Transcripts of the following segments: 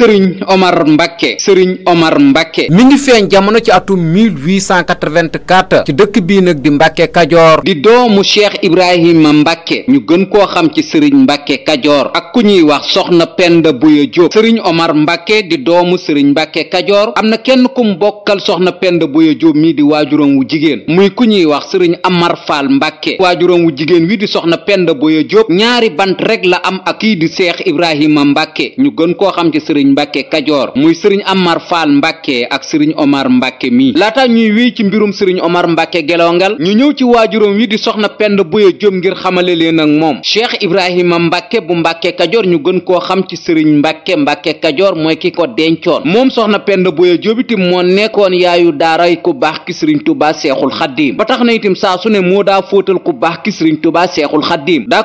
sëriñ omar mbàkke sëriñ omar mbàkke mi ngi feeñ jamono ci atum 1884 ci dëkk bii nag di mbàkke kajoor di doomu cheikh ibrahima mbàkke ñu gën koo xam ci sëriñ mbàkke kajoor ak ku ñuy wax soxna penda buya jóob sëriñ omar mbàkke di doomu sëriñ mbàkke kajoor am na kenn kum bokkal soxna penda buya jóob mii di waajuram wu jigéen muy ku ñuy wax sëriñ amar faal mbàkke waajuram wu jigéen wi di soxna penda buya jóob ñaari bant rek la am ak kii di cheikh ibrahima mbàkke ñu gën koo xam ci mbàkke kajoor muy sëriñ amar faal mbàkke ak sëriñ omar mbàkke mi laata ñuy wéy ci mbirum sëriñ omar mbàkke gelongal ñu ñëw ci waajuróom wi di soxna pend buya jóob ngir xamale leen ak moom cheikh ibrahima mbàkke bu mbàkke kajoor ñu gën koo xam ci sëriñ mbàkke mbàkke kajoor mooy ki ko dencoon moom soxna pend buya jóob itam moo nekkoon yaayu daaray ku baax ki sëriñ tubaa seexul xaddiim ba tax na itam saa su ne moo daa fóotal ku baax ki sëriñ tubaa seexul xaddiim ba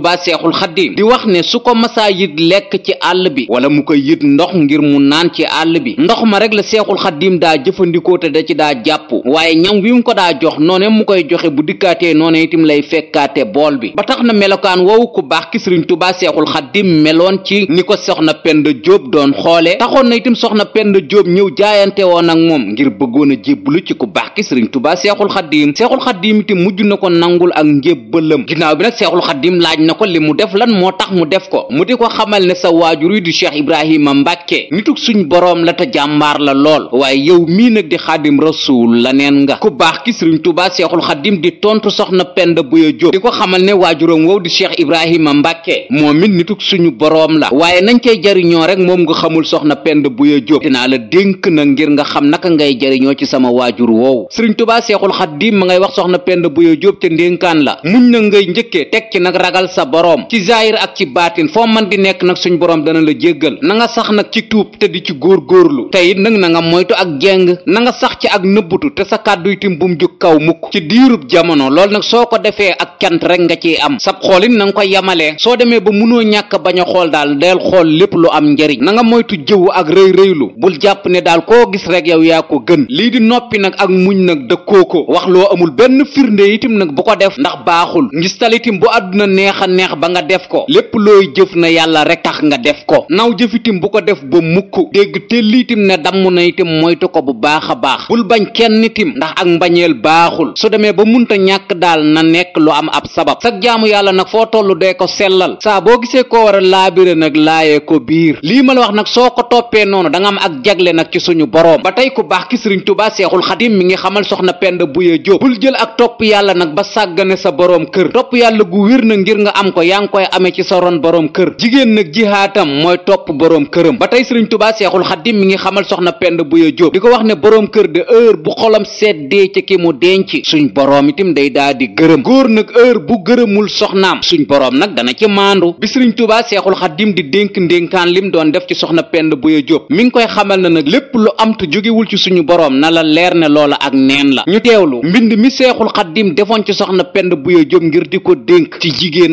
Tuubaa Seexul Xaddiim di wax ne su ko masaa yit lekk ci àll bi wala mu koy yit ndox ngir mu naan ci àll bi ndox ma rek la Seexul Xaddiim daa jëfandikoo te da ci daa jàpp waaye ñam wi mu ko daa jox noone mu koy joxe bu dikkaatee noone itam lay fekkaate bool bi ba tax na melokaan woowu ku baax ki Sëriñ Tuubaa Seexul Xaddiim meloon ci ni ko soxna Penda Jóob doon xoole taxoon na itam soxna Penda Jóob ñëw jaayante woon ak moom ngir bëggoon a lu ci ku baax ki Sëriñ Tuubaa Seexul Xaddiim Seexul Xaddiim ko nangul ak laaj na mu def lan moo tax mu def ko mu di ko xamal ne sa waajur wi di cheikh ibrahima mbàkke nitug suñ boroom la te jàmbaar la lool waaye yow mii nag di xaadim rasuul la neen nga ku baax ki sëriñ tubaa seexul xadim di tontu soxna penda buya jóob di ko xamal ne waajuram wow di cheikh ibrahima mbàkke moom nituk nitug suñu boroom la waaye nañ cey jariñoo rek moom nga xamul soxna penda buya jóob dinaa la dénk na ngir nga xam naka ngay jariñoo ci sama waajur woowu sa boroom ci zaahir ak ci baatin foo man di nekk nag suñ boroom dana la jéggal na nga sax nag ci tuub te di ci góorgóorlu teyit nag na nga moytu ak jeng na nga sax ci ak nëbbutu te sa kàddu itim bum ju kaw mukk ci diirub jamono loolu nag soo ko defee ak cant rek nga ciy am sab xoolin na nga ko yamalee soo demee ba mënoo ñàkk bañ a xool daal deel xool lépp lu am njariñ na nga moytu jëw ak rëy rëylu bul jàpp ne daal koo gis rek yow yaa ko gën lii di noppi nag ak muñ nag dëkkoo ko ko def ndax baaxul ngis talitim bu àdduna neex a neex ba nga def ko lépp looy jëf na yàlla rek tax nga def ko naw jëfitim bu ko def ba mukk dégg te liitim ne damm na itim moytu ko bu baax a baax bul bañ kenn itim ndax ak mbañeel baaxul su demee ba munta ñàkk daal na nekk lu am ab sabab sag jaamu yàlla nag foo tollu dee ko sellal saa boo gisee koo war a laabire nag laayee ko biir lii ma la wax nag soo ko toppee noonu danga am ak jagle nag ci suñu boroom ba tey ku baax ki sëriñ tubaa seexul xadim mi ngi xamal soxna penda buye jóob bul jël ak topp yàlla na nga am ko yaa ngi koy amee ci sa ron boroom kër jigéen nag jihaatam mooy topp boroom këram ba tey sëriñ tubaa seexul xaddim mi ngi xamal soxna pend bu ya jóob di ko wax ne boroom kër de heure bu xolam seddee ci ki mu denc suñ boroom itam day daa di gërëm góor nag heure bu gërëmul soxnaam suñ boroom nag dana ci maandu bi sëriñ tubaa seexul xaddim di dénk ndénkaan lim doon def ci soxna pend bu ya jóob mi ngi koy xamal na nag lépp lu am te jógewul ci suñu boroom na la leer ne loola ak neen la ñu teewlu mbind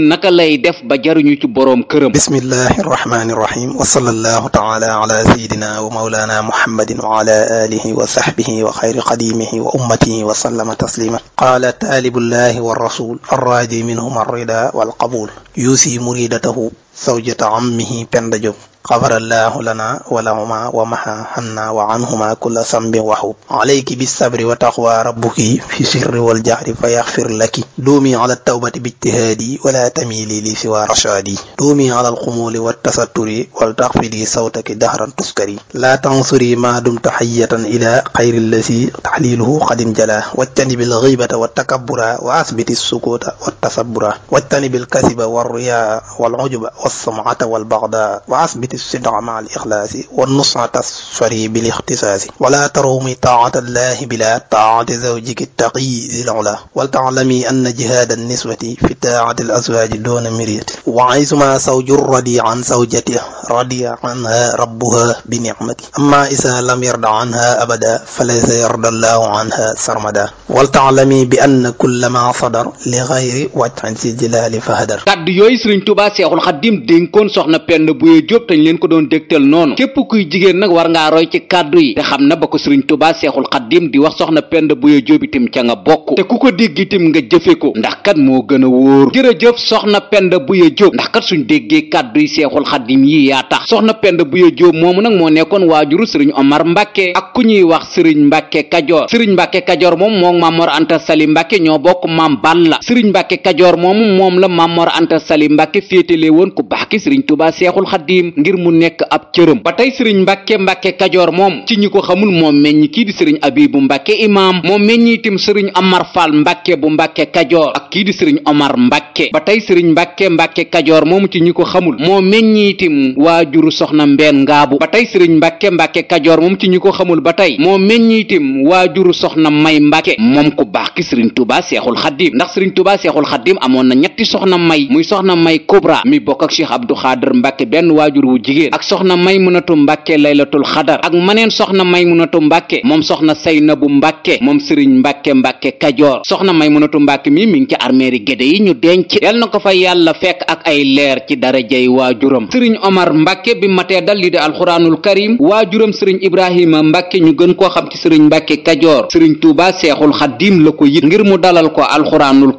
naka lay def ba jaruñu ci boroom këram bismillahi rahmani rahim wa sallallahu taala ala sayidina wa maulana muhammadin wa ala alihi wa sahbihi wa xayri qadimihi wa ummatihi wa sallama taslima qaala taalibullahi wa rasul arraji minhum arrida walqabul yuusi muridatahu zawjata ammihi Penda Diop xafarallahu lana wa lahuma wa maha hanna wa anhuma kulla sambin wahub alayki bisabri wa taqwa rabbuki fi sirri wal jahri fa yaxfir laki duumi ala tawbati bijtihaadi wala tamili li siwa rashaadi duumi ala alqumuli waltasatturi waltaxfidi sawtaki dahran tuskari laa tansuri ma dumta xayatan ila xayri allasi taxliluhu qadim jala wajtanibi alxibata waltakabura wa asbiti sukuta waltasabura wajtanibi alkasiba walriyaa walujuba والسمعة والبغضاء وأثبت الصدع مع الإخلاص والنصعة الصري بالاختصاص ولا ترومي طاعة الله بلا طاعة زوجك التقي ذي العلا ولتعلمي أن جهاد النسوة في طاعة الأزواج دون مرية وعيثما زوج رضي عن زوجته رضي عنها ربها بنعمته أما إذا لم يرض عنها أبدا فليس يرضى الله عنها سرمدا ولتعلمي بأن كل ما صدر لغير وجه ذي جلال فهدر leen dénkoon soxna Penda Buye Diop tañ leen ko doon dégtal noonu képp kuy jigéen nag war ngaa roy ci kàddu yi te xam na ba ko sëriñ Tuubaa Seexul Xaddiim di wax soxna Penda Buye Diop itam ca nga bokk te ku ko dégg itam nga jëfe ko ndax kat moo gën a wóor jërëjëf soxna Penda Buye Diop ndax kat suñ déggee kàddu yi Seexul Xaddiim yi yaa tax soxna Penda Buye Diop moomu nag moo nekkoon waajuru sëriñ Omar Mbàkke ak ku ñuy wax sëriñ Mbàkke Kajoor sëriñ Mbàkke Kajoor moom moom Mamor Anta Sali Mbàkke ñoo bokk Maam Balla sëriñ Mbàkke Kajoor moomu moom la baax ki sëriñ tubaa seexul xaddiim ngir mu nekk ab cërëm ba tey sëriñ mbàkke mbàkke kajoor moom ci ñi ko xamul moom meññi kii di sëriñ abibu mbàkke imaam moom meññi itam sëriñ amar faal mbàkke bu mbàkke kajoor ak kii di sëriñ omar mbàkke ba tey sëriñ mbàkke mbàkke kajoor moom ci ñi ko xamul moo meññi itam waajuru soxna mbeen ngaabu ba tey sëriñ mbàkke mbàkke kajoor moom ci ñi ko xamul ba tey moo meññi itam waajuru soxna may mbàkke moom ku baax ki sëriñ tubaa seexul xaddiim ndax sëriñ tubaa seexul xaddiim amoon na ñetti soxna may muy soxna may kubra mi bokk ak cheikh abdu xaadar mbàkke benn waajur wu jigéen ak soxna maymunatu mbàkke laylatul xadar ak maneen soxna maymunatu mbakke moom soxna bu mbakke moom sëriñ mbàkke mbàkke kajoor soxna maymunatu mbàkke mi mi ngi ci armeeri gédé yi ñu denc yal na ko fa yàlla fekk ak ay leer ci darajey waajuram sëriñ omar mbàkke bi matee dal li di alxuraanul karim waajuram sëriñ ibrahima mbakke ñu gën koo xam ci sëriñ mbàkke kajoor sëriñ tuuba seexul xaddiim la ko yit ngir mu dalal ko alxuraanul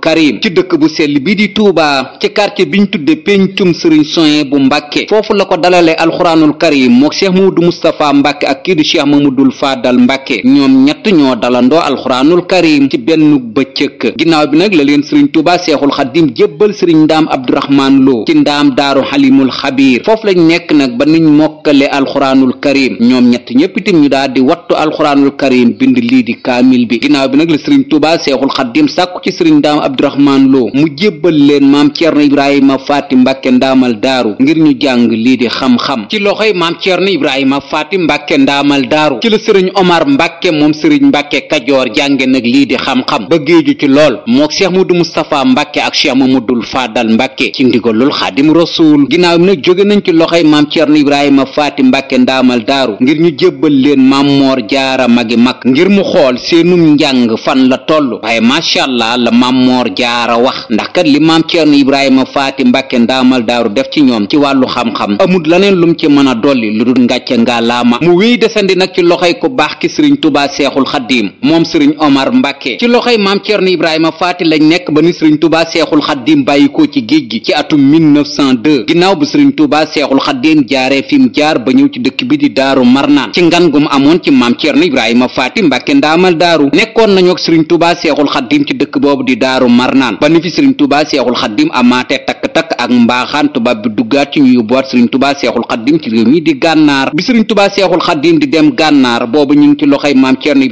sëriñ soye bu mbàkke foofu la ko dalalee alxuraanul karim mook cheikh mamadou moustapha mbàkke ak kii di cheikh mamadul faadal mbàkke ñoom ñett ñoo dalandoo alxuraanul karim ci benn bëccëg ginnaaw bi nag la leen sëriñ tuuba seexul xadim jébbal sëriñ ndaam abdourahmaan loo ci ndaam daaru xalimul xabiir foofu lañ nekk nag ba niñ mokkale alxuraanul karim ñoom ñett ñépp itam ñu daal di wattu alxuraanul karim bind lii di kaamil bi ginnaaw bi nag la sëriñ tuuba seexul xadim sàkku ci sëriñ ndaam abdourahmaan loo mu jébbal leen ndaamal daaru ngir ñu jàng lii di xam-xam ci loxoy maam Cerno Ibrahima Faati Mbàkke ndaamal daaru ci sëriñ Omar Mbàkke moom sëriñ Mbàkke Kajoor jànge nag lii di xam-xam ba géeju ci lool moo mook Cheikh Mudu Mustafa Mbàkke ak Cheikh Mamadul Faadal Mbàkke ci ndigalul Xaadim Rasuul ginnaaw nag jóge nañ ci loxo loxoy maam Cerno Ibrahima Faati Mbàkke ndaamal daaru ngir ñu jébbal leen maam Moor Jaara magi mag ngir mu xool seenum njàng fan la toll waaye macha la maam Moor Jaara wax ndax kat li maam Cerno Ibrahima Faati Mbàkke ndaamal daaru ndakaaru def ci ñoom ci wàllu xam-xam amut laneen lum ci mën a dolli lu dul ngàcce ngaa laama mu wéy desandi nag ci loxoy ku baax ki sëriñ tubaa seexul xaddiim moom sëriñ omar mbàkke ci loxoy maam ceerno ibrahima faati lañ nekk ba ni sëriñ tubaa seexul xaddiim bàyyi ko ci géej gi ci atum 1902 ginnaaw bu sëriñ tubaa seexul xaddiim jaaree fi mu jaar ba ñëw ci dëkk bi di daaru marnaan ci ngan gum amoon ci maam ceerno ibrahima faati mbàkke ndaamal daaru nekkoon nañu ak sëriñ tubaa seexul xaddiim ci dëkk boobu di daaru marnaan ba ni fi sëriñ tubaa seexul xaddiim tubaab bi duggaat ci ñu yóbbuwaat sëriñ tubaa seexul xaddim ci réew mi di gànnaar bi sëriñ tubaa seexul xaddim di dem gànnaar boobu ñu ngi ci loxoy maam ceerno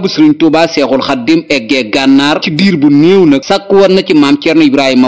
bu sëriñ tubaa seexul xaddim eggee gànnaar ci diir bu néew nag sàkku woon na ci maam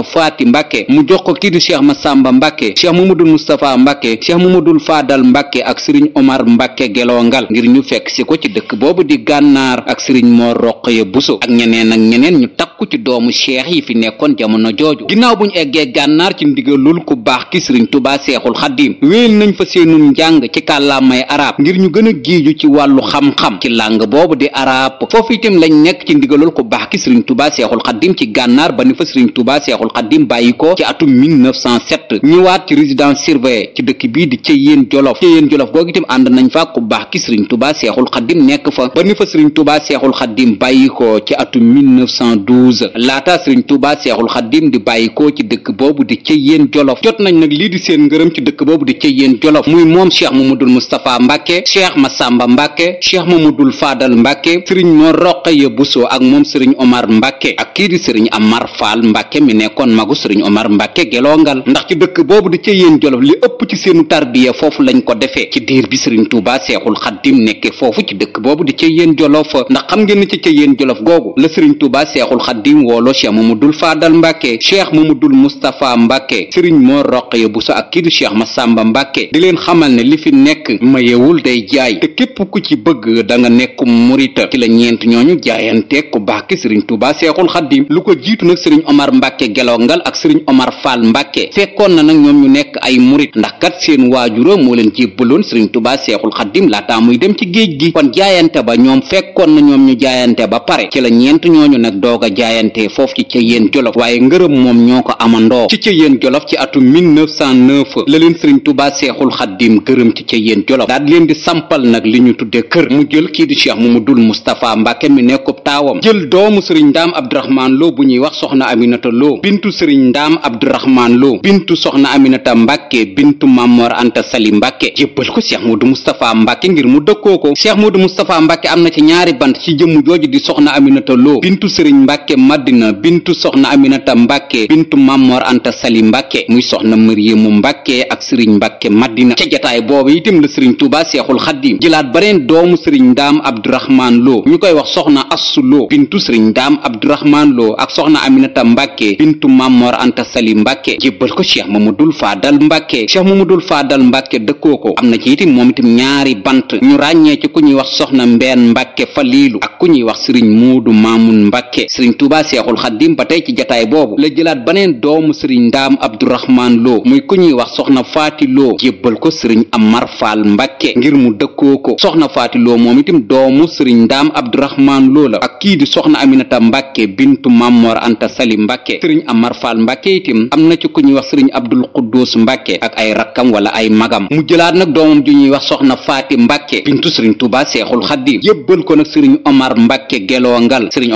faati mbàkke mu jox ko kii di cheikh masamba mbàkke cheikh mamadul mustapha mbàkke cheikh mamadul faadal mbàkke ak sëriñ omar mbàkke gelongal ngir ñu fekk si ko ci dëkk boobu di gànnaar ak sëriñ moor roqaya buso ak ñeneen ak ñeneen ñu takk sàkku ci doomu cheikh yi fi nekkoon jamono jooju ginnaaw buñu eggee gànnaar ci ndigalul ku baax ki sëriñ tubaa seexul xaddiim wéyal nañ fa seenum njàng ci kàllaamay arab ngir ñu gën a giiju ci wàllu xam-xam ci làng boobu di arab foofu itam lañ nekk ci ndigalul ku baax ki sëriñ tubaa seexul xaddiim ci gànnaar ba ni fa sëriñ tubaa seexul xaddiim bàyyi ko ci atum 1907 ñëwaat ci résidence surveillée ci dëkk bii di Ceyeen Jolof Ceyeen Jolof googu itam ànd nañ fa ku baax ki sëriñ tubaa seexul xaddiim nekk ba ni fa sëriñ tubaa seexul xaddiim bàyyi ko ci atum 2012 laata sëriñ Tuuba Seexul Xaddim di bàyyikoo ci dëkk boobu di Ceyeen Jolof jot nañ nag lii di seen ngërëm ci dëkk boobu di Ceyeen Jolof muy moom cheikh Mamadul Moustapha Mbàkke cheikh Masamba Mbàkke cheikh Mamadul Faadal Mbàkke sëriñ Mor Roqaya Buso ak moom sëriñ Omar Mbàkke ak kii di sëriñ Amar Faal Mbàkke mi nekkoon magu sëriñ Omar Mbàkke gelongal ndax ci dëkk boobu di Ceyeen Jolof li ëpp ci seenu tarbiya foofu lañ ko defee ci diir bi sëriñ Tuuba Seexul Xaddim nekke foofu ci dëkk boobu di Ceyeen Jolof ndax xam ngeen ci Ceyeen Jolof googu la sëriñ Tuuba Seexul Xaddim di woolu cheikh mamadul faadal mbàkke mu dul mustapha mbàkke sëriñ moo bu buso ak kii di cheikh masàmba mbàkke di leen xamal ne li fi nekk mayewul day jaay te képp ku ci bëgg da nga nekku murita ci la ñeent ñooñu jaayante ku baax ki sëriñ tuuba seexul xaddim lu ko jiitu nag sëriñ omar mbàkke ngal ak sëriñ omar faal mbàkke fekkoon na nag ñoom ñu nekk ay murit ndax kat seen waajura moo leen jébbaloon sëriñ tuuba seexul xaddim laataa muy dem ci géej gi kon jaayante ba ñoom fekkoon na ñoom ñu jaayante ba pare ci ñeent ñooñu nag jaayante foofu ci ca yéen jolof waaye ngërëm moom ñoo ko amandoo ci ca yéen jolof ci atum 1909 la leen sëriñ tubaa seexul xaddim gërëm ci ca yéen jolof daal leen di sampal nag li ñu tudde kër mu jël kii di cheikh mamadul moustapha mbàkke mi nekkub taawam jël doomu sëriñ ndaam abdourahmaan loo bu ñuy wax soxna aminata loo bintu sëriñ ndaam abdourahmaan loo bintu soxna aminata mbàkke bintu mamor anta sali mbàkke jébbal ko cheikh mamadou moustapha mbàkke ngir mu dëkkoo ko cheikh mamadou moustapha mbàkke am na ci ñaari bant ci jëmm jooju di soxna aminata loo mbàkke madina bintu soxna aminata mbàkke bintu mamor anta sali mbàkke muy soxna mariyamu mbàkke ak sëriñ mbàkke madina ca jataay boobu itam la sëriñ tuuba seexul xaddim jëlaat baneen doomu sëriñ ndaam abdurahmaan loo ñu koy wax soxna assu loo bintu sëriñ ndaam abdurahmaan loo ak soxna aminata mbàkke bintu mamor anta sali mbàkke jébbal ko cheikh mamadul faadal mbàkke cheikh mamadul faadal mbàkke dëkkoo ko am na ci itam moom itam ñaari bant ñu ràññee ci ku ñuy wax soxna mbeen mbàkke faliilu ku ñuy wax sëriñ moodu maamun mbàkke Touba Seexul Xaddim ba tey ci jataay boobu la jëlaat baneen doomu sëriñ Ndaam Abdourahman loo muy ku ñuy wax soxna Faati Lo jébbal ko sëriñ Amar Faal Mbàkke ngir mu dëkkoo ko soxna Faati Lo moom itam doomu sëriñ Ndaam Abdourahman Lo la ak kii di soxna Aminata Mbàkke bintu Mamor Anta Sali Mbàkke sëriñ Amar Faal Mbàkke itam am na ci ku ñuy wax sëriñ Abdul Quddus Mbàkke ak ay rakkam wala ay magam mu jëlaat nag doomam ju ñuy wax soxna Faati Mbàkke bintu sëriñ Touba Seexul Xaddim jébbal ko nag sëriñ Omar Mbàkke Gelongal sëriñ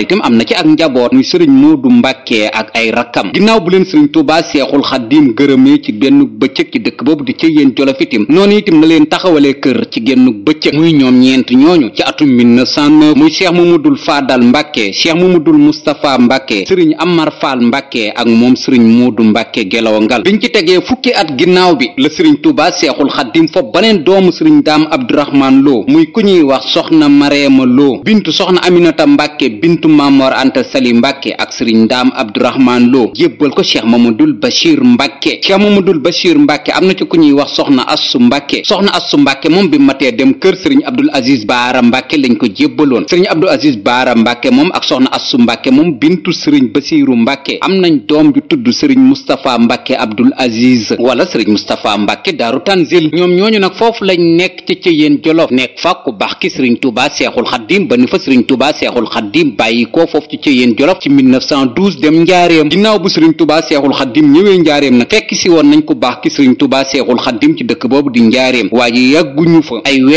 loolu itam am na ci ak njaboot muy sëriñ Moodu Mbàkke ak ay rakkam ginnaaw bu leen sëriñ Tuubaa Seexul Xaddiim gërëmee ci benn bëccëg ci dëkk boobu di ci yéen jolof itam noonu itam na leen taxawalee kër ci génn bëccëg muy ñoom ñeent ñooñu ci atum 1909 muy seex mu Cheikh Mamadul Faadal Mbàkke Cheikh Mamadul Moustapha Mbàkke sëriñ Amar Faal Mbàkke ak moom sëriñ Moodu Mbàkke Gelawangal biñ ci tegee fukki at ginnaaw bi la sëriñ Tuubaa Seexul Xaddiim fopp baneen doomu sëriñ Daam Abdurahmaan Lo muy ku ñuy wax soxna Mareema Mamor Anta Sali Mbàkke ak sëriñ Ndaam Abdourahman Lo yébbal ko cheikh Mamadul Bachir Mbàkke cheikh Mamadul Bachir Mbàkke am na ci ku ñuy wax soxna Assu Mbàkke soxna Assu Mbàkke moom bi matee dem kër sëriñ Abdul Aziz Baara Mbàkke lañ ko jébbaloon sëriñ Abdul Aziz Baara Mbàkke moom ak soxna Assu Mbàkke moom bintu sëriñ Basiiru Mbàkke am nañ doom ju tudd sëriñ Mustapha Mbàkke Abdul Aziz wala sëriñ Mustapha Mbàkke Daaru Tanzil ñoom ñooñu nag foofu lañ nekk ci ci yéen Jolof nekk fa ku baax ki sëriñ Tuubaa Seexul Xaddiim ba ni fa sëriñ Tuubaa Seexul Xaddiim bàyyi bàyyi ko foofu ci Ceyeen Jolof ci 1912 dem njaareem ginnaaw bu sëriñ tubaa seexul xaddim ñëwee njaareem nag fekk si woon nañ ko baax ki sëriñ tubaa seexul xaddim ci dëkk boobu di njaareem waaye yàgguñu fa ay mu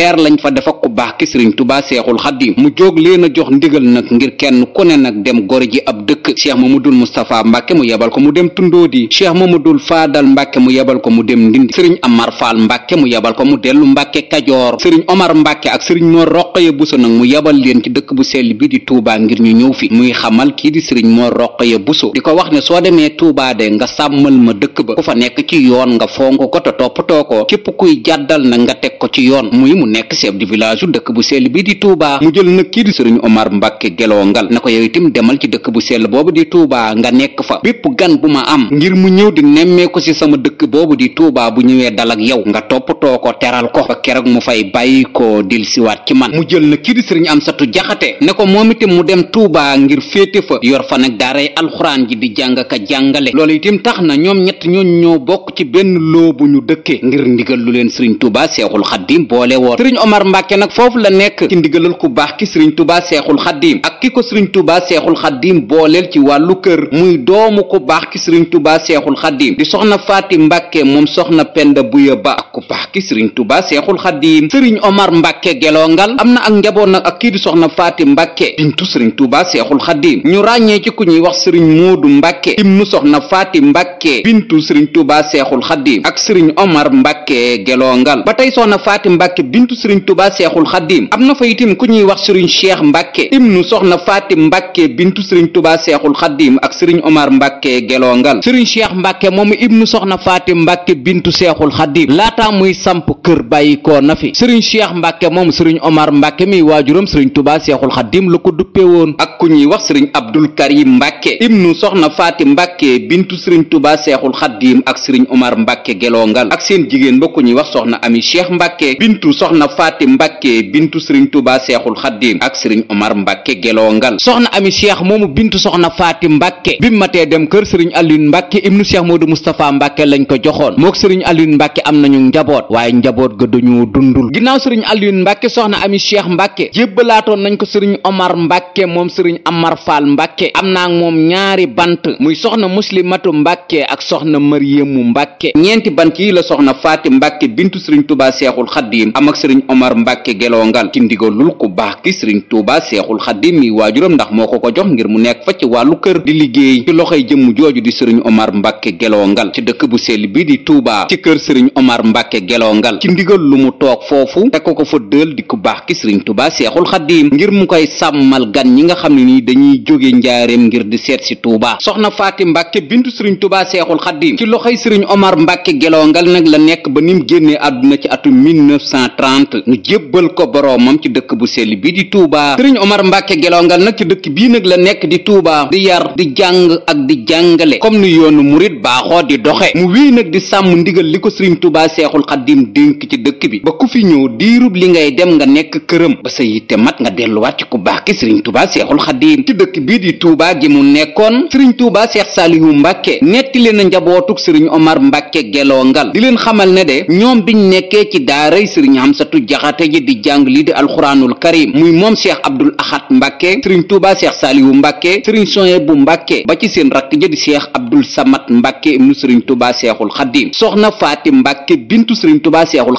jóg leen a jox ndigal nag ngir kenn ku ne nag dem gor ji ab dëkk cheikh mamadul moustapha mbàkke mu yebal ko mu dem tundoodi mu mamadul faadal mbàkke mu yebal ko mu dem ndindi sëriñ amar faal mbàkke mu yebal ko mu dellu mbàkke kajoor sëriñ omar mbàkke ak sëriñ moor roqaya buso nag mu yebal leen ci dëkk bu sell ñu ñëw fi muy xamal kii di sëriñ moo roqaya buso di ko wax ne soo demee Touba de nga sàmmal ma dëkk ba ku fa nekk ci yoon nga fonk ko te toppatoo ko képp kuy jàddal na nga teg ko ci yoon muy mu nekk chef de village dëkk bu sell bi di Touba mu jël nag kii di sëriñ Omar Mbàkke gelongal na ko yow itam demal ci dëkk bu sell boobu di Touba nga nekk fa bépp gan bu ma am ngir mu ñëw di nemmee ko ci sama dëkk boobu di tuubaa bu ñëwee dal ak yow nga toppatoo ko teral ko ba keroog mu fay bàyyi ko dil ci man mu jël na Touba ngir féete fa yor fa nag daaray alxuraan ji di jàng ka jàngale loolu itam tax na ñoom ñett ñooñ ñoo bokk ci benn loo bu ñu dëkkee ngir ndigal lu leen sëriñ Touba Seexul Xaddim boole woon sëriñ Omar Mbàkke nag foofu la nekk ci ndigalal ku baax ki sëriñ Touba Seexul Xaddim ak ki ko sëriñ Touba Seexul Xaddim booleel ci wàllu kër muy doomu ku baax ki sëriñ Touba Seexul Xaddim di soxna Faati Mbàkke moom soxna Penda Buya Ba ak ku baax ki sëriñ Touba Seexul Xaddim sëriñ Omar Mbàkke gelongal am na ak njaboot nag ak kii di soxna Faati Mbàkke bintu sëriñ Touba Tuuba ñu ràññee ku ñuy wax sëriñ Moodu Mbàkke ibnu soxna Faati Mbàkke bintu sëriñ Tuuba Seexul Xadiim ak sëriñ Omar Mbàkke Gelongal ba tey soxna Faati Mbàkke bintu sëriñ Tuuba Seexul Xadiim am na fa itim ku ñuy wax sëriñ Cheikh Mbàkke ibnu soxna Faati Mbàkke bintu sëriñ Tuuba Seexul Xadiim ak sëriñ Omar Mbàkke Gelongal sëriñ Cheikh Mbàkke moomu ibnu soxna Faati Mbàkke bintu Seexul Xadiim laata muy samp kër bàyyi ko na fi sëriñ Cheikh Mbàkke moom sëriñ Omar Mbàkke mi waajuram sëriñ Tuuba Seexul Xadiim la ko duppe ak ku ñuy wax sëriñ abdul karim mbàkke ibnu soxna faati mbàkke bintu sëriñ tuba seexul xaddiim ak sëriñ omar mbàkke gelongal ak seen jigéen ba ñuy wax soxna ami cheikh mbàkke bintu soxna faati mbàkke bintu sëriñ tuba seexul xaddiim ak sëriñ omar mbàkke gelongal soxna ami cheikh moomu bintu soxna faati mbàkke bi matee dem kër sëriñ alioune mbàkke ibnu cheikh moodu mustapha mbàkke lañ ko joxoon mook sëriñ alioune mbàkke am nañu njaboot waaye njaboot ga dañu dundul ginnaaw sëriñ alioune mbàkke soxna ami cheikh mbàkke jébbalaatoon nañ ko sëriñ omar mbàkke moom sëriñ Amar Fall Mbàkke am naa moom ñaari bant muy soxna muslimatu Mbàkke ak soxna Mariyamu Mbàkke ñeenti bant yi la soxna Faati Mbàkke bintu sëriñ Tuubaa Seexul Xadiim am ak sëriñ Omar Mbàkke gelongal ci ndigalul ku baax ki sëriñ Tuubaa Seexul Xadiim mi waajuram ndax moo ko ko jox ngir mu nekk fa ci wàllu kër di liggéey ci loxoy jëmm jooju di sëriñ Omar Mbàkke gelongal ci dëkk bu sell bi di Tuubaa ci kër sëriñ Omar Mbàkke gelongal ci ndigal lu mu toog foofu te ko ko fa di ku baax ki sëriñ Tuubaa Seexul Xadiim ngir mu koy sàmmal nga xam ne nii dañuy jóge njaareem ngir di seet si Touba soxna Faati Mbàkke bintu Serigne Touba Seexul Xaddiim ci loxoy Serigne Omar Mbàkke Gelongal nag la nekk ba ni mu génnee àdduna ci atum 1930 ñu jébbal ko boroomam ci dëkk bu sell bi di Touba Serigne Omar Mbàkke Gelongal nag ci dëkk bii nag la nekk di Touba di yar di jàng ak di jàngale comme ni yoonu murit baaxoo di doxe mu wii nag di sàmm ndigal li ko Serigne Touba Seexul Xaddiim dénk ci dëkk bi ba ku fi ñëw diirub li ngay dem nga nekk këram ba sa yitte mat nga delluwaat ci ku baax ki Serigne Touba seexul xadiim ci dëkk bii di Touba gi mu nekkoon sëriñ Touba Seex Saalihu Mbàkke netti leen a njabootug sëriñ Omar Mbàkke gelongal di leen xamal ne de ñoom biñ nekkee ci daaray sëriñ Amsatu Jaxate ji di jàng lii di alxuraanul karim muy moom Seex Abdul Ahad Mbàkke sëriñ Touba Seex Saalihu Mbàkke sëriñ Soyebu Mbàkke ba ci seen rakk ja Seex Abdul Samad Mbàkke ibnu sëriñ Touba Seexul Xadiim Seexul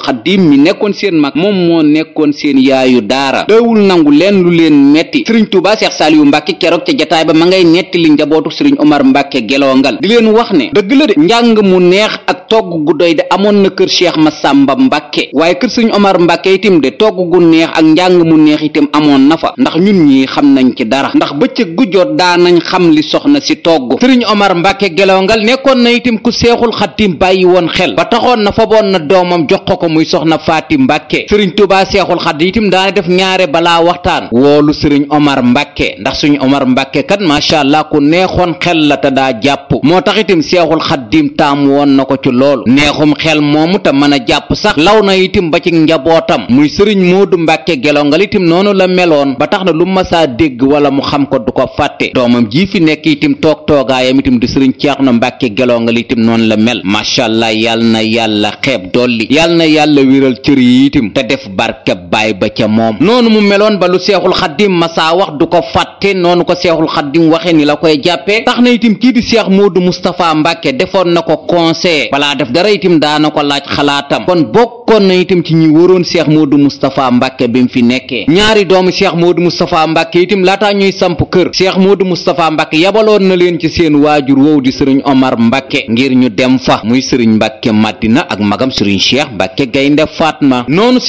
Xadiim mi nekkoon seen mag moom moo nekkoon seen yaayu daara dawul nangu leen lu leen metti sëriñ Touba Touba Cheikh Saliou Mbacke keroog ca jataay ba ma ngay nettali njabootu Serigne Omar Mbacke gelongal di leen wax ne dëgg la de njàng mu neex ak togg gu doy de amoon na kër ma Massamba Mbacke waaye kër Serigne Omar Mbacke itim de togg gu neex ak njàng mu neex itam amoon na fa ndax ñun ñi xam nañ ci dara ndax bëccëg gu jot daa nañ xam li soxna si togg Serigne Omar Mbacke gelongal nekkoon na itim ku seexul xattim bàyyi woon xel ba taxoon na faboon na doomam muy soxna Faati Mbacke Serigne Touba Seexul mbàkke ndax suñu omar mbàkke kat macha allah ku neexoon xel la te daa jàpp moo tax itam seexul xaddiim taam woon na ko ci loolu neexum xel moomu te mën a jàpp sax law na itim ba ci njabootam muy sëriñ moodu mbàkke gelongal itim noonu la meloon ba tax na lu masaa dégg wala mu xam ko du ko fàtte doomam jii fi nekk itim toog toogaayam itim di sëriñ ceerno mbàkke gelongal itim noonu la mel macha allah yal na yàlla xeeb dolli yal na yàlla wéral cër yi itim te def barke baay ba ko fàtte noonu ko seexul xaddim waxe ni la koy jàppee tax na itim kii di seex moodu mustapha mbàkke defoon na ko conseil balaa def dara itim daana ko laaj xalaatam kon bokkoon na itim ci ñi wóroon seex moodu mustapha mbàkke bi mu fi nekkee ñaari doomu seex moodu mustapha mbàkke itim laataa ñuy samp kër seex moodu mustapha mbàkke yabaloon na leen ci seen waajur woowu di sëriñ omar mbàkke ngir ñu dem fa muy sëriñ mbàkke madina ak magam sëriñ cheikh mbàkke gaynde fatma noonu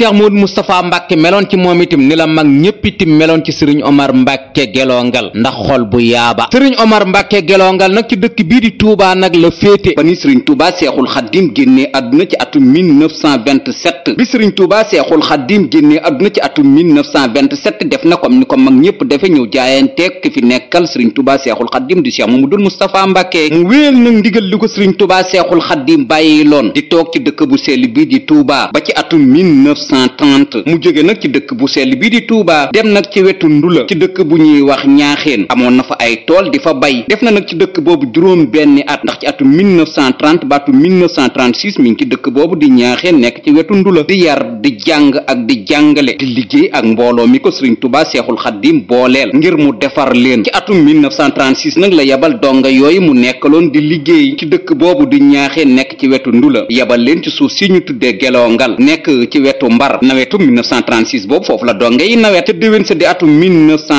mbàkke gelongal ndax xol bu yaaba sëriñ omar mbàkke gelongal nag ci dëkk bii di tuubaa nag la féete ba ni sëriñ tuubaa seexul xaddim génnee àdduna ci atum 1927 bi sëriñ tuubaa seexul xaddim génnee àdduna ci def na comme ni ko mag ñëpp defe ñëw jaayanteeg ki fi nekkal sëriñ tuubaa seexul xaddim di cheikh mamadul mustapha mbàkke mu wéel nag ndigal li ko sëriñ tuubaa seexul xaddim bàyyi di toog ci dëkk bu sell bii di tuubaa ba ci atum 1930 mu jóge nag ci dëkk bu sell bii di tuubaa dem nag ci wetu ndula ci dëkk bu ñuy wax ñaaxeen amoon na fa ay tool di fa bay def na nag ci dëkk boobu juróom benni at ndax ci atu 1930 ba atu 1936 mi ngi ci dëkk boobu di ñaaxeen nekk ci wetu ndula di yar di jàng ak di jàngale liggéey ak mbooloo mi ko sëriñ Tuubaa Seexul xat Xaddim booleel ngir mu defar leen ci atum 1936 nag la yabal donga yooyu mu nekkaloon di liggéey ci dëkk boobu di ñaaxeen nekk ci wetu ndula yabal leen ci suuf si ñu tuddee gelongal nekk ci wetu mbar nawetu 1936 boobu foofu la donga yi nawet ca déwén sa di atum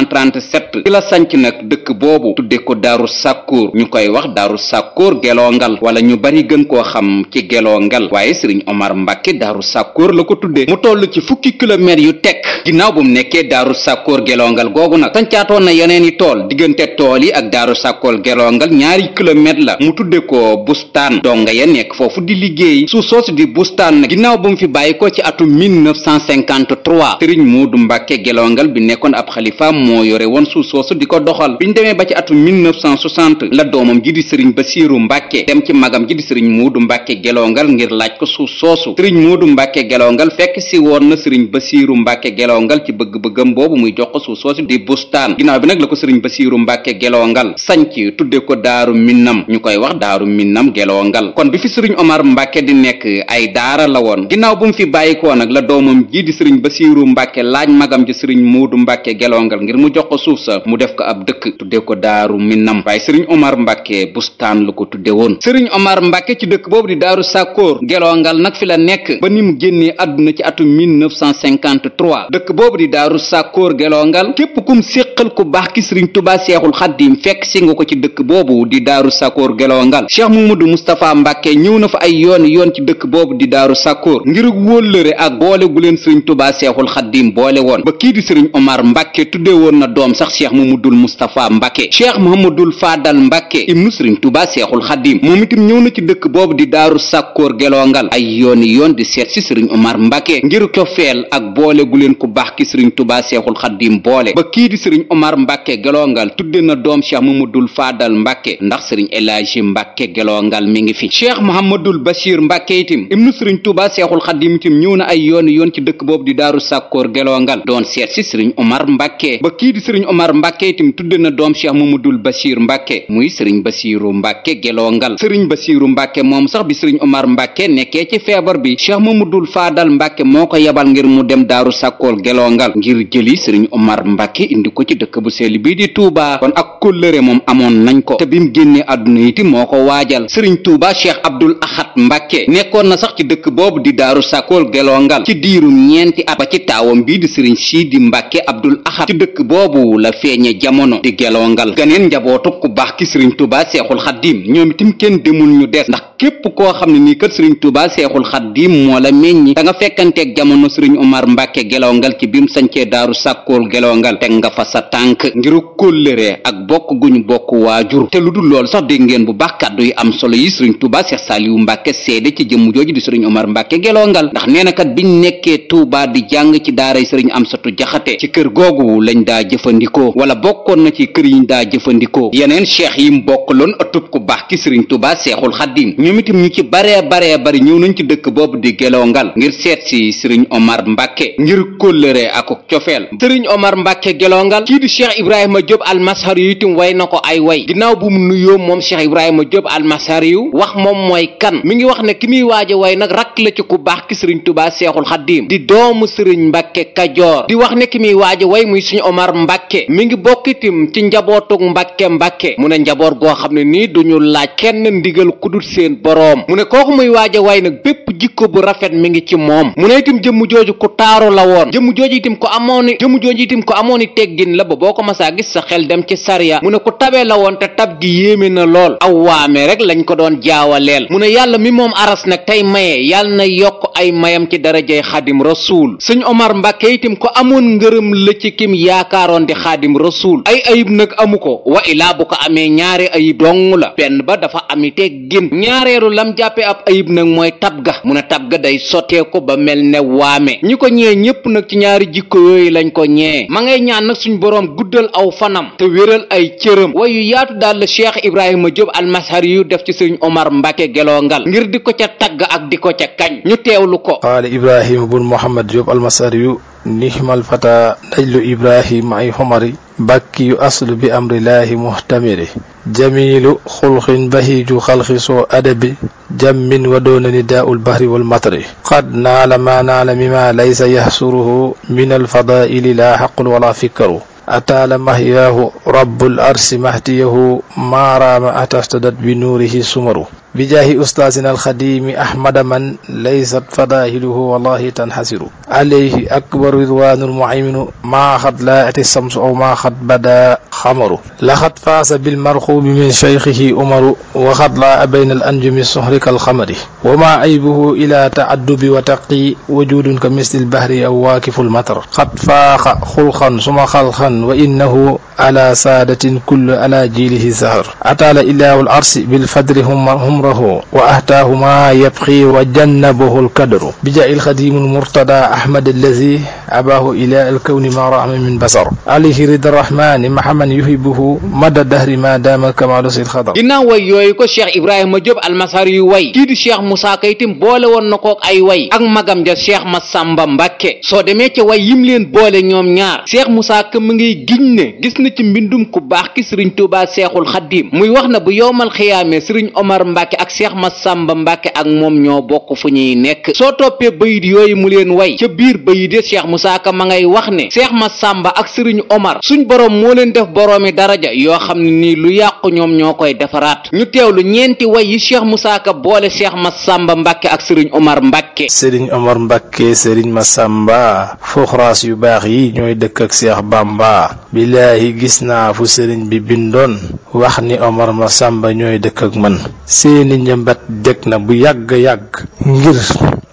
1937 ci la sanc nag dëkk boobu tudde ko daaru sàkkoor ñu koy wax daaru sàkkoor geloongal wala ñu bari gën koo xam ci geloongal waaye sëriñ omar mbàkke daaru sàkkoor la ko tudde mu toll ci fukki kilomètres yu tekk ginnaaw bu mu nekkee daaru sàkkoor geloongal googu nag sancaatoon na yeneen i tool diggante tool yi ak daaru sàkkoor geloongal ñaari kilomètres la mu tudde ko bustaan donga ya nekk foofu di liggéey su soos di bustaan nag ginnaaw bu mu fi bàyyi ko ci atum 1953 sëriñ moodu mbàkke geloongal bi nekkoon ab xalifa moo yore woon suuf soosu di ko doxal biñ demee ba ci atum 1960 la doomam ji di sëriñ Basiiru Mbàkke dem ci magam ji di sëriñ Muudu Mbàkke Gelongal ngir laaj ko suuf soosu sëriñ Muudu Mbàkke Gelongal fekk si woon na sëriñ Basiiru Mbàkke Gelongal ci bëgg-bëggam boobu muy jox ko suuf soosu di bustaan ginnaaw bi nag la ko sëriñ Basiiru Mbàkke Gelongal sanc tudde ko daaru minnam ñu koy wax daaru minnam Gelongal kon bi fi sëriñ Omar Mbàkke di nekk ay daara la woon ginnaaw bu mu fi bàyyikoo nag la doomam ji di sëriñ Basiiru Mbàkke laaj magam ji sëriñ Muudu Mbàkke Gelongal mu jox ko suuf sa mu def ko ab dëkk tudde ko daaru minam waaye sëriñ omar mbàkke bustaan la ko tudde woon sëriñ omar mbàkke ci dëkk boobu di daaru sàkkoor gelongal fi la nekk ba ni mu génnee àdduna ci atum 1953 dëkk boobu di daaru sàkkoor gelongal képp kum séqal ko baax ki sëriñ tubaa seexul xaddim fekk si nga ko ci dëkk boobu di daaru sàkkoor gelongal cheikh mamadou moustapha mbàkke ñëw na fa ay yooni yoon ci dëkk boobu di daaru sàkkoor ngir wóllëre ak boole gu leen sëriñ tubaa seexul xaddim boole woon ba kii di sëriñ omar mbàkke tudde woon am na doom sax cheikh mamadul moustapha mbàkke cheikh mahamadul faadal mbàkke ibnu sëriñ tuba seexul xadim moom itam ñëw na ci dëkk boobu di daaru sàkkoor gelongal ay yooni yoon di seet si sëriñ omar mbàkke ngir cofeel ak boole gu leen ku baax ki sëriñ tuba seexul xadim boole ba kii di sëriñ omar mbàkke gelongal tudde na doom cheikh mamadul faadal mbakke ndax sëriñ elaaji mbàkke gelongal mi ngi fi cheikh mahamadul bachir mbàkke itam ibnu sëriñ tuba seexul xadim itam ñëw na ay yooni yoon ci dëkk boobu di daaru sàkkoor gelongal doon seet si kii di sëriñ Omar Mbacke itam tudde na doom Cheikh Mamadul Bachir Mbacke muy sëriñ Bachiru Mbacke gelongal sëriñ Bachiru Mbacke moom sax bi sëriñ Omar Mbacke nekkee ci feebar bi Cheikh Mamadul Faadal Mbacke moo ko yabal ngir mu dem daaru sàkkool gelongal ngir jëli sëriñ Omar Mbacke indi ko ci dëkk bu sell bii di Touba kon ak kóllëre moom amoon nañ ko te bi mu génnee àdduna moo ko waajal sëriñ Touba Cheikh Abdul Ahad Mbacke nekkoon na sax ci dëkk boobu di daaru sàkkool gelongal ci diiru ñeenti at ci taawam bii di sëriñ Sidi Mbacke abdul axad ci dëkk boobu la feeñe jamono di gelongal ganeen njabootu ku baax ki sëriñ tubaa seexul xaddiim ñoom itam kenn demul ñu des ndax képp koo xam ne nii kër sëriñ Touba seexul xaddim moo la meññi da nga fekkanteeg jamono sëriñ Omar Mbàkke Gelawangal ci biim sancee daaru sàkkool Gelawangal teg nga fa sa tànk ngiru kóllëre ak bokk guñu bokk waajur te lu dul lool sax dégg ngeen bu baax kàddu yu am solo yi sëriñ Touba Seex Saaliwu Mbàkke seede ci jëmm jooju di sëriñ Omar Mbàkke Gelawangal ndax nee na kat biñ nekkee Touba di jàng ci daaray am Amsatu Jaxate ci kër googu lañ daa jëfandikoo wala bokkoon na ci kër yiñ daa jëfandikoo yeneen cheikh yi mbokk loon ëttub ku baax ki sëriñ Touba Seexul Xaddim ñoom itam ñu ci baree baree bari ñëw nañ ci dëkk boobu di gelongal ngir seet si sëriñ omar mbàkke ngir kóllëre ak cofeel sëriñ omar mbàkke gelongal kii di cheikh a diop almashar yu itam way na ko ay way ginnaaw bu mu nuyoo moom cheikh ibrahima diop almashar yu wax moom mooy kan mi ngi wax ne ki muy waaj way nag rakk la ci ku baax ki sëriñ tubaa seexul xaddiim di doomu sëriñ mbàkke kajoor di wax ne ki muy waaj way muy suñu omar mbàkke mi ngi bokk itam ci njabootug mbàkke mbàkke mu ne njaboot goo xam ne nii duñu laaj kenn ndigal boroom mu ne kooku muy waaja waay nag bépp jikko bu rafet mi ngi ci moom mu ne itam jëmm jooju ku taaru la woon jëmm jooju itam ko amoon jëmm jooju itam ko amoon teggin la ba boo ko masaa gis sa xel dem ci sariya mu ne ku tabee la woon te tab gi yéeme na lool aw waame rek lañ ko doon jaawaleel mu ne yàlla mi moom aras nag tey maye yàlla na yokk ay mayam ci darajey xaadim rasuul sëñ omar mbàkke itam ko amoon ngërëm la ci kim yaakaaroon di xaadim rasuul ay ayib nag amu ko wa ilaa bu ko amee ñaari ayib dong la benn ba dafa amitee gin ñaareeru lam jàppee ab ayib nag mooy tab ga mun a tab ga day sottee ko ba mel ne waame ñi ko ñee ñépp nag ci ñaari jikko yooyu lañ ko ñee ma ngay ñaan nag suñ boroom guddal aw fanam te wéral ay cëram yu yaatu daal la cheikh ibrahima diop almashari yu def ci suñu omar mbàkke gelongal ngir di ko ca tagg ak di ko ca kañ teewlu ko qaala ibrahima bun mohamad yób almasari yu nihmal fata dajlu ibrahima ay xomari bakki yu aslu bi amrilaahi muhtamiri jamilu xulqin bahiju xalqi soo adabi jammin wa doona nidaa'ul bahri wal matari qad naala maa naala mima laysa yaxsuruhu min alfadaili laa xaqun wala fikkaru ataala mahyaahu rabbul arsi mahtiyahu maaraama atastadat bi nuurihi sumaru bijaahi ustaasina alxadimi ahmada man laysat fadaahiluhu wallahi tanxasiru alayhi akbar ridwanul muhayminu maaxat laati samsu aw maaxat bada xamaru laxat faasa bilmarxubi min cheykhihi umaru waxat laa bayna al anjumi suhrika alxamari wa maa aybuhu ila taaddubi wa taqi wujudun ka misli lbahri aw waakifu lmatar xat faaxa xulxan suma xalxan wa innahu ala saadatin kullu ala jiilihi sahar ataala ilaawul arsi bilfadri humra نوره وأهتاهما يبقي وجنبه الكدر بجاء الخديم المرتضى أحمد الذي أباه إلى الكون ما رحم من بصر عليه رضا الرحمن محمد يحبه مدى الدهر ما دام الكمال سيد خضر ginnaaw way yooyu ko cheikh Ibrahima Diop almasar yu way kii di cheikh Moussa Ka itam boole woon na kook ay way ak magam ja ma Massamba Mbacke soo demee ca way yim leen boole ñoom ñaar cheikh Moussa Ka mu ngiy giñ ne gis na ci mbindum ku baax ki sëriñ Tuubaa ak seex ma sàmba mbàkke ak moom ñoo bokk fu ñuy nekk soo toppee bayit yooyu mu leen way ca biir bayit ya seex musaa ka ma ngay wax ne seex ma sàmba ak sëriñ omar suñ boroom moo leen def boroomi daraja yoo xam ne nii lu yàqu ñoom ñoo koy defaraat ñu teew teewlu ñeenti woy yi seex musaa ka boole seex ma sàmba mbàkke ak sëriñ omar mbàkke sëriñ omar mbàkke sëriñ ma sàmba foxraas yu baax yi ñooy dëkk ak seex bàmba bilaahi gis naa fu sëriñ bi bindoon wax ni omar ma sàmba ñooy dëkk ak man seeni njëmbat jeg na bu yàgg-yàgg ngir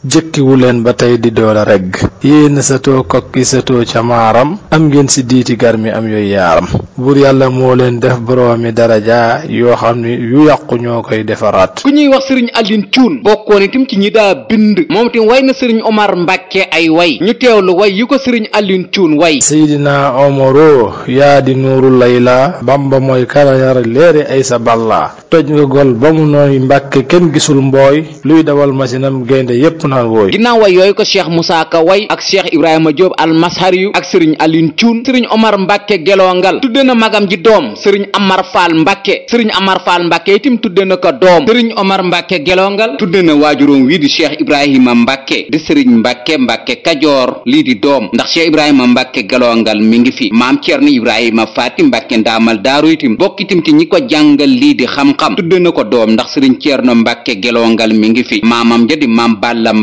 jëkkiwu leen ba tey di door a regg yéen satoo kokki satoo ca maaram am ngeen si diiti garmi am yooyu yaaram buur yàlla moo leen def boroomi daraja yoo xam ne yu yàqu ñoo koy defaraat ku ñuy wax sëriñ Alioune Thioune bokkoon itam ci ñi daa bind moom itam way na sëriñ Omar Mbàkke ay way ñu lu way yi ko sëriñ Alioune Thioune way Seydina Omaro oh, yaa di nuuru layla bamba mooy kara léeri ay sa balla toj nga gol ba mu nooy mbàkke kenn gisul mbooy luy dawal masinam gaynde yépp ginnaaw way yooyu ko cheikh Moussa Ka way ak cheikh Ibrahima Diop almashariyu ak sëriñ Alioune Thioune sëriñ Omar Mbacke gelongal tudde na magam ji doom sëriñ Amar Fall Mbacke sëriñ Amar Fall Mbacke itim tudde na ko doom sëriñ Omar Mbacke gelongal tudde na waajuróom wii di cheikh Ibrahima Mbacke di seriñ mbakke Mbacke Kajoor lii di doom ndax cheikh Ibrahima Mbacke gelongal mi ngi fi maam Thierno Ibrahima Faty Mbacke ndaamal daaru itim bokk itim ci ñi ko jàngal lii di xam-xam tudde ko doom ndax sëriñ Thierno Mbacke gelongal mi ngi fi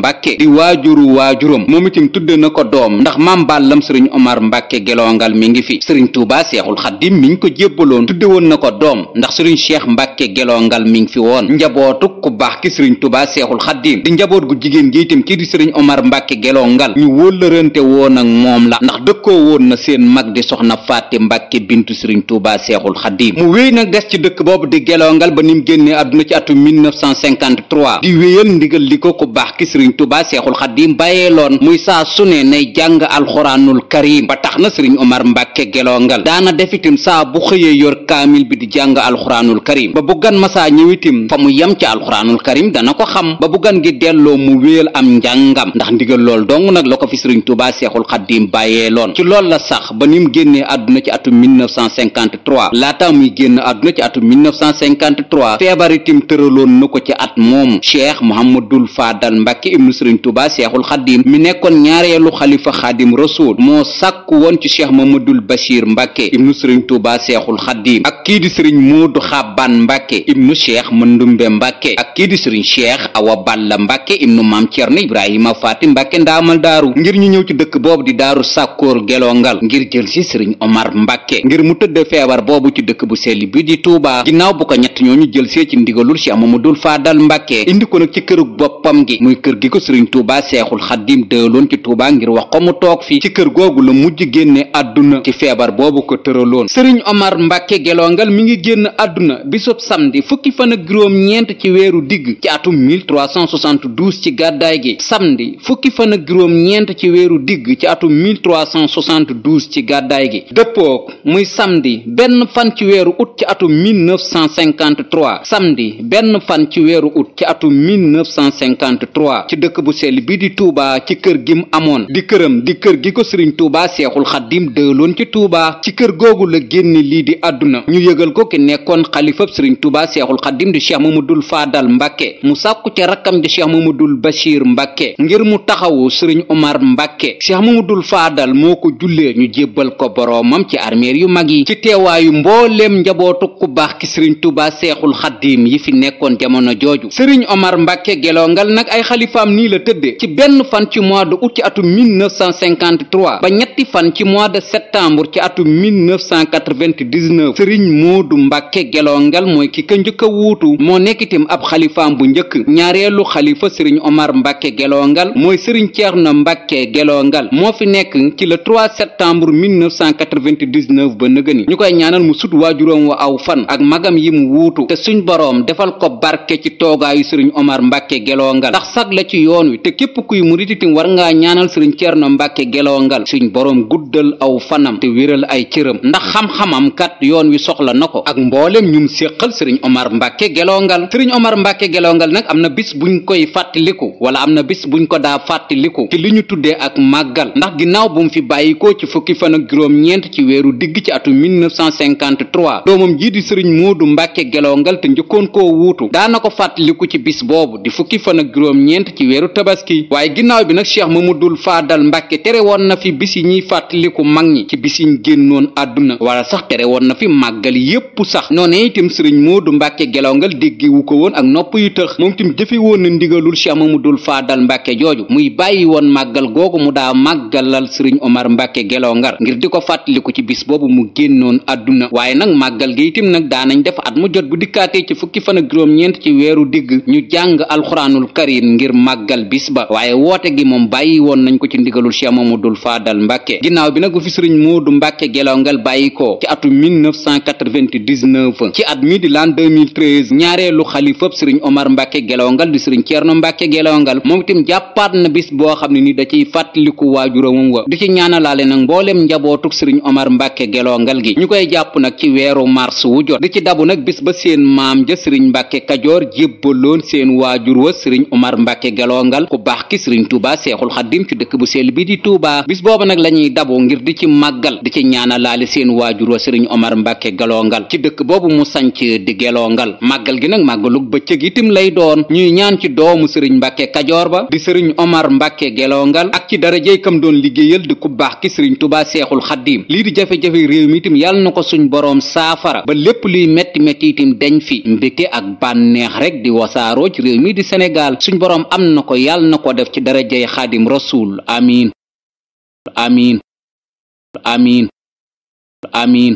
mbàkke di waajuru waajuram moom itam tudde na ko doom ndax maam bàllam sëriñ omar mbàkke gelongal mi ngi fi sëriñ tuuba seexul xaddim mi ngi ko jébbaloon tudde woon na ko doom ndax sëriñ cheikh mbàkke gelongal mi ngi fi woon njabootu ku baax ki sëriñ tuuba seexul xaddim di njaboot gu jigéen gi itam kii di sëriñ omar mbàkke gelongal ñu wóllërante woon ak moom la ndax dëkkoo woon na seen mag di soxna faati mbàkke bintu sëriñ tuuba seexul xaddim mu wéy nag des ci dëkk boobu di gelongal ba nim génnee àdduna ci atum 1953 di wéyal ndigal li ko ku baax sëriñ tubaa seexul xaddiim bàyyeeloon muy saa su nay jàng alxuraanul karim ba tax na sëriñ omar mbàkke gelongal daana defitim saa bu xëyee yor kaamil bi di jàng alxuraanul karim ba bu gan masaa ñëwitim fa mu yem ci alxuraanul karim dana ko xam ba bu gan gi delloo mu wéel am njàngam ndax ndigal lool dong nag la ko fi sëriñ tubaa seexul xaddiim bàyyeeloon ci lool la sax ba nim génnee àdduna ci atum 1953 laata muy génn àdduna ci atum 1953 feebaritim tëraloon na ko ci at moom cheikh mohamadul liggéeyam sëriñ Tuubaa Seexul Xaddiim mi nekkoon ñaareelu xalifa Xaadim Rasuul moo sàkk woon ci Cheikh Mamadul Bachir Mbàkke ibnu sëriñ Tuubaa Seexul Xaddiim ak kii di sëriñ Moodu Xabbaan Mbàkke ibnu Cheikh Mandumbe Mbàkke ak kii di sëriñ Cheikh Awa Balla Mbàkke ibnu Maam Cerno Ibrahima Faati mbakke ndaamal daaru ngir ñu ñëw ci dëkk boobu di daaru sàkkoor gelongal ngir jël si sëriñ Omar Mbàkke ngir mu tëdd feebar boobu ci dëkk bu sell bi di Tuubaa ginnaaw bu ko ñett ñooñu jël see ci ndigalul mu Mamadul Faadal Mbàkke indi ko nag ci kërug boppam gi muy kër gi ko sëriñ Touba seexul xaddim dëloon ci Touba ngir wax ko mu toog fii ci kër googu la mujj génne àdduna ci feebar boobu ko tëraloon sëriñ Omar Mbàkke gelongal mi ngi génn àdduna bisub samedi fukki fan ak juróom ñeent ci weeru digg ci atum 1372 ci gàddaay gi samedi fukki fan ak juróom ñeent ci weeru digg ci atum 1372 ci gàddaay gi dëppook muy samedi benn fan ci weeru ut ci atum 1953 samedi benn fan ci weeru ut ci atum 1953 ci dëkk bu sell bi di Touba ci kër gi mu amoon di këram di kër gi ko sëriñ Touba seexul xaddim dëloon ci Touba ci kër googu la génn lii di àdduna ñu yëgal ko ki nekkoon xalifab sëriñ Touba seexul xaddim di cheikh dul Faadal mbakke mu sàkku ca rakkam di cheikh dul Bachir mbakke ngir mu taxawu sëriñ Omar mbakke Mbàkke cheikh Mamadul Faadal moo ko jullee ñu jébbal ko boroomam ci armeer yu mag yi ci teewaayu mbooleem njabootu ku baax ki sëriñ Touba seexul xaddim yi fi nekkoon jamono jooju yilifam nii la tëddee ci benn fan ci mois de août ci atum 1953 ba ñetti fan ci mois de septembre ci atum 1999 sëriñ Moodu Mbàkke Gelongal mooy ki ka njëkk a wuutu moo nekk itam ab xalifaam bu njëkk ñaareelu xalifa sëriñ Omar Mbàkke Gelongal mooy sëriñ Ceerno Mbàkke Gelongal moo fi nekk ci le 3 septembre 1999 ba nëgëni ñu koy ñaanal mu sut waajuróom wa aw fan ak magam yi mu wuutu te suñ boroom defal ko barke ci toogaayu sëriñ Omar Mbàkke Gelongal ci yoon wi te képp kuy murit itam war ngaa ñaanal sëriñ Ceerno Mbàkke gelongal suñ boroom guddal aw fanam te wéral ay cëram ndax xam-xamam kat yoon wi soxla na ko ak mboolem ñum séqal sëriñ Omar Mbàkke gelongal sëriñ Omar Mbàkke gelongal nag am na bis buñ koy fàttaliku wala am na bis buñ ko daa fàttaliku ci li ñu tuddee ak màggal ndax ginnaaw bu mu fi bàyyi bàyyikoo ci fukki fan ak juróom-ñeent ci weeru digg ci atu 1953 doomam jii di sëriñ Moodu Mbàkke gelongal te njëkkoon koo wuutu daana ko ci weeru tabaski waaye ginnaaw bi nag cheikh mamadul faadal mbàkke tere woon na fi bis yi ñuy fàttaliku mag ñi ci bis yi ñu génnoon àdduna wala sax tere woon na fi màggal yépp sax noonee itam sëriñ moodu mbàkke gelongal déggewu ko woon ak nopp yu tëx moom itam jëfe woon na ndigalul cheikh mamadul faadal mbàkke jooju muy bàyyi woon màggal googu mu daa màggalal sëriñ omar mbàkke gelongal ngir di ko fàttaliku ci bis boobu mu génnoon àdduna waaye nag màggal gi itam nag daanañ def at mu jot bu dikkaatee ci fukki fan ak juróom-ñeent ci weeru digg ñu jàng alxuraanul karim ngir màggal bis ba waaye woote gi moom bàyyi woon nañ ko ci ndigalul cheikh mamadul faadal mbàkke ginnaaw bi nag bu fi sëriñ moodu mbàkke gelongal bàyyi ko ci atu 1999 mbàkke gelongal moom itam jàppaat na bis boo xam ne ni da ciy fàttaliku waajuramam wa di ci ñaanalaale nag mbooleem njabootuk sëriñ omar mbàkke gelongal gi ñu koy jàpp nag ci weeru mars wu jot ci dabu nag bis ba seen maam ja sëriñ mbàkke kajoor jébbaloon seen waajur wa sëriñ omar mbàkke gelongal ku baax ki sëriñ Touba seexul xaddim ci dëkk bu sell bi di Touba bis booba nag la ñuy dabo ngir di ci màggal di ci ñaanalaale seen waajur wa sëriñ Omar Mbàkke gelongal dëkk boobu mu sanc di gelongal màggal gi nag màggalug bëccëg itam lay doon ñuy ñaan ci doomu sëriñ Mbàkke Kajoor ba sëriñ Omar Mbàkke gelongal ak ci darajey kam doon liggéeyal di ku baax ki sëriñ Touba seexul xaddim lii di jafe-jafe réew mi itam yal na ko suñ boroom saafara ba lépp luy metti metti itam dañ fi mbégte ak bànneex rek di wasaaroo ci réew mi di Sénégal suñ boroom am man na ko yàlla na ko def ci darajay xaadim rasul amin amin amin amin